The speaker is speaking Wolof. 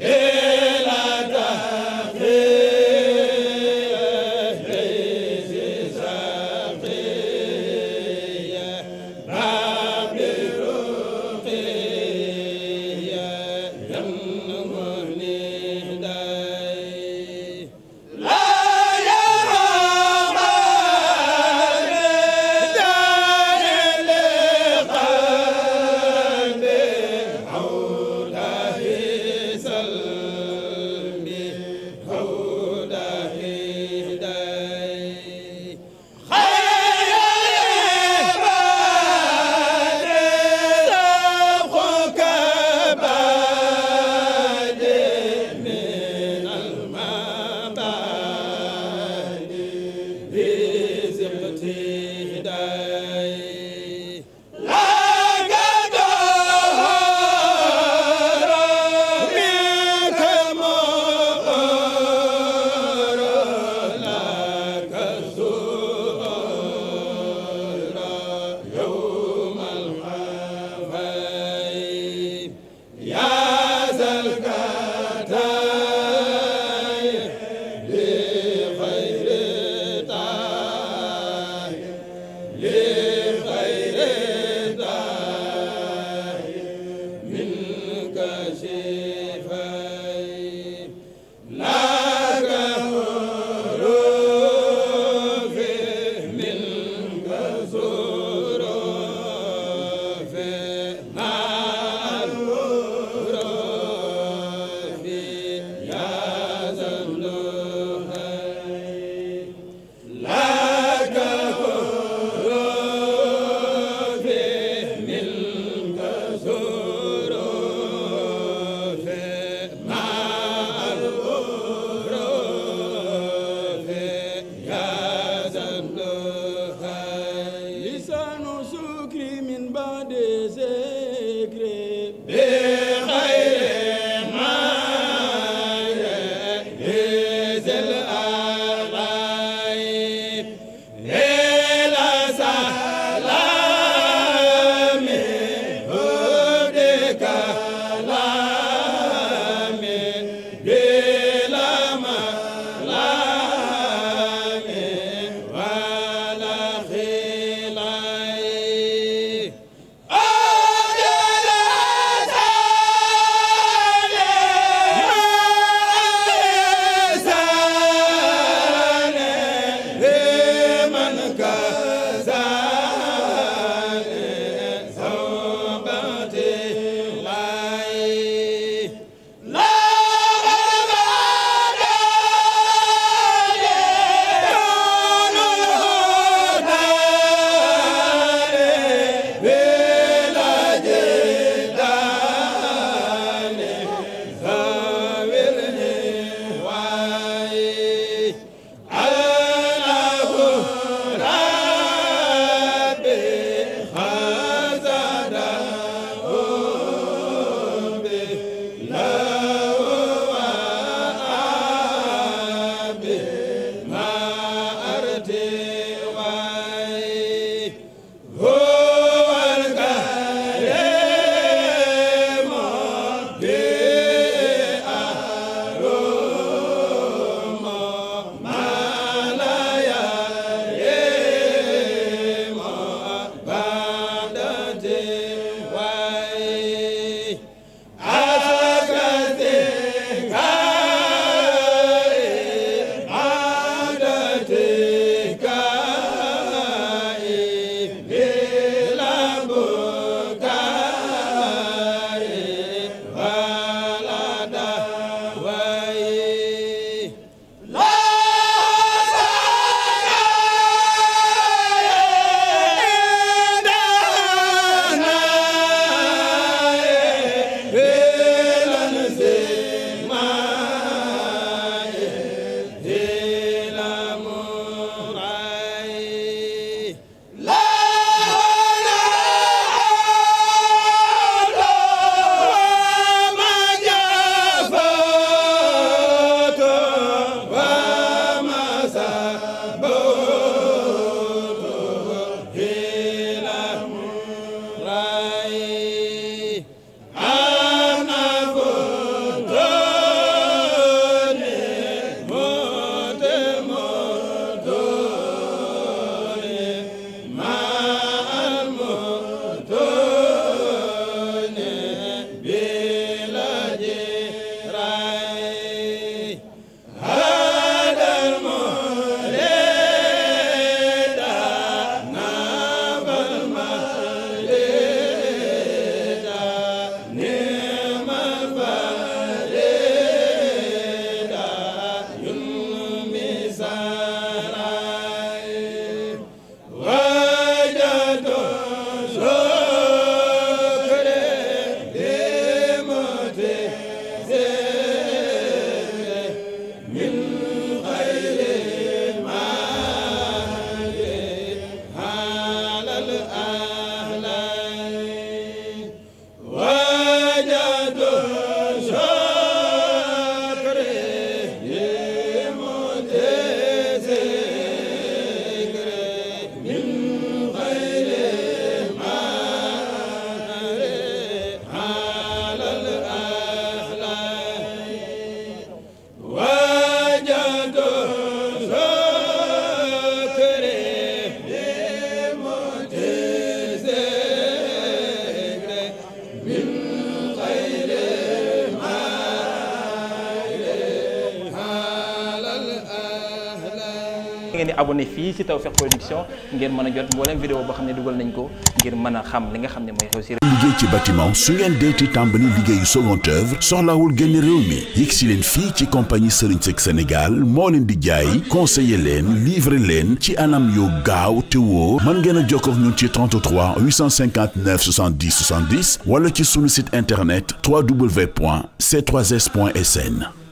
é ذكري من بعد زين ngeen di abonné fii si Tawfekh Production ngeen mën a jot mboolem vidéo boo xam ne dugal nañ ko ngir mën a xam li nga xam ne mooy xew si liggéey ci bâtiment su ngeen deeti tàmbali liggéeyu seconde œuvre soxlaawul wul réew mi yegg si leen fii ci compagnie Serigne Seck Sénégal moo leen di jaay conseiller leen livrer leen ci anam yoo gaaw te woo mën ngeen a jokkoo ak ñun ci 33 859 su 70 wala ci sunu site internet www.c3s.sn